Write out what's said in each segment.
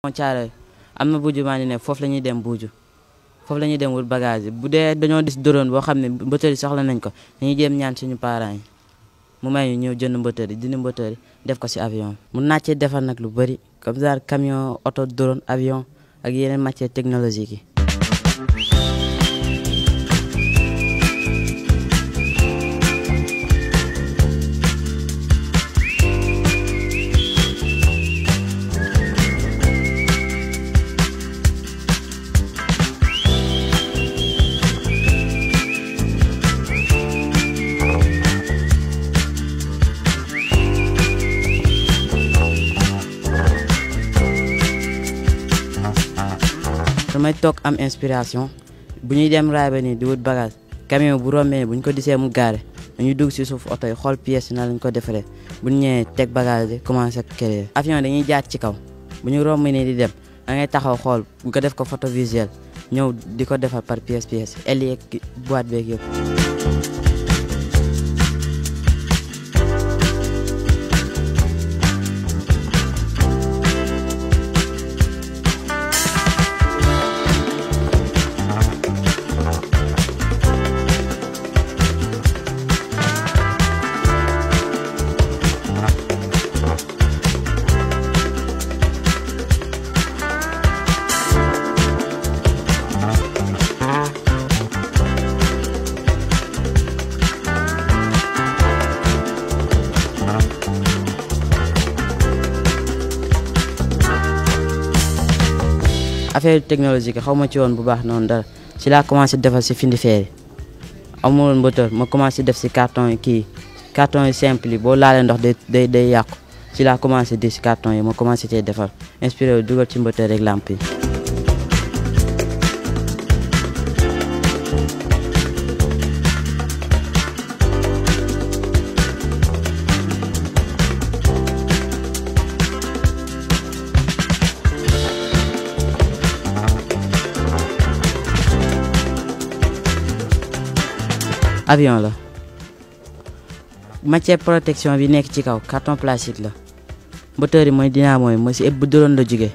Caaroy am na buuju maa ne foofu la ñuy dem buuju foofu la ñuy dem wut bagage bu dee dañoo dis doroon boo xam ne mbëtër yi soxla nañ ko dañuy jéem ñaan suñu parents yi mu may ñu ñëw jënd mbëtër yi dindi mbëtër yi def ko si avion mun naa cee defar nag lu bëri comme ça camion oto doroon avion ak yeneen matière technologique yi damay toog am inspiration bu ñuy dem raay nii di wut bagage camion bu rombee bu ñu ko disee mu gaare dañuy dugg si suuf oto yi xool pièces yi na lañ ko defaree bu ñu ñëwee teg bagage yi commencé créer avion dañuy jaat ci kaw bu ñu romb nii di dem a nga taxaw xool ko def ko photo visuel ñëw di ko defar par pièce pièce el yeeg boîte beeg yëpp affaire technologique xawma ci won bu baax non dara ci la commencé defal ci findi feeri amuloon mbëtër ma commencé def ci carton yi kii carton yi simple bo la laalee ndox day day day yak ci la commencé def ci carton yi ma commencé té defal inspiré dougal ci moteur rek lamp avion la matière protection bi nek ci kaw carton plastique la moteur yi moy dynamo yi mooy si ëpp drone la jóge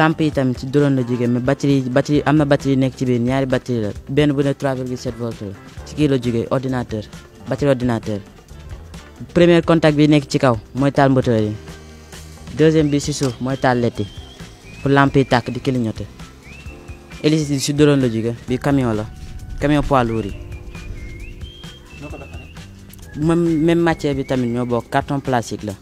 lampe yi tam ci drone la jóge mais batterie batterie am batterie nek ci biir ñaari batterie la ben bu ne 3,7 volts la ci ki la jóge ordinateur batterie ordinateur premier contact bi nek ci kaw moy tal moteur yi deuxième bi si suuf mooy pour lampe yi tak di clignoter électricité si drone la jóge bi camion la camion poids lourd même même matière bi tamit ñoo bokk carton plastique la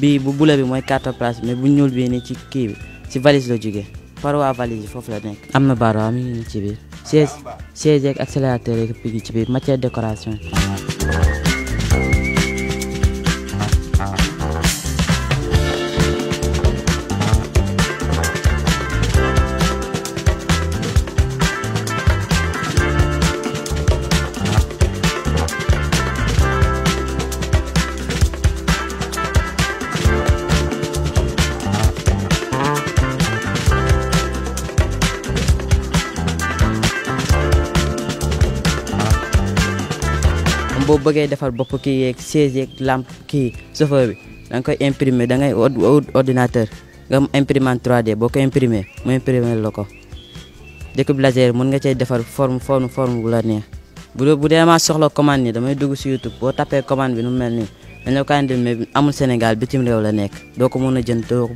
bii bu bula bi mooy carton plastique mais bu ñuul bii nii ci kii bi ci valise la jógee paroi valise foofu la nekk. am na baaro am ñu ci biir. siège siège yeeg accélérateur yeeg ci biir matière décoration. boo bëggee defar bopp kii yeeg siège yeeg lampe kii chauffeur bi danga nga koy imprimer da ordinateur nga am imprimante 3D boo ko imprimer mu imprimer la ko découpe laser mën nga cee defar form forme forme bu la neex bu bu dee ma soxla commande nii damay dugg si YouTube boo tapee commande bi nu mel nii dañ la ko andil mais amul Sénégal bitim réew la nekk doo ko mën a jënd doo ko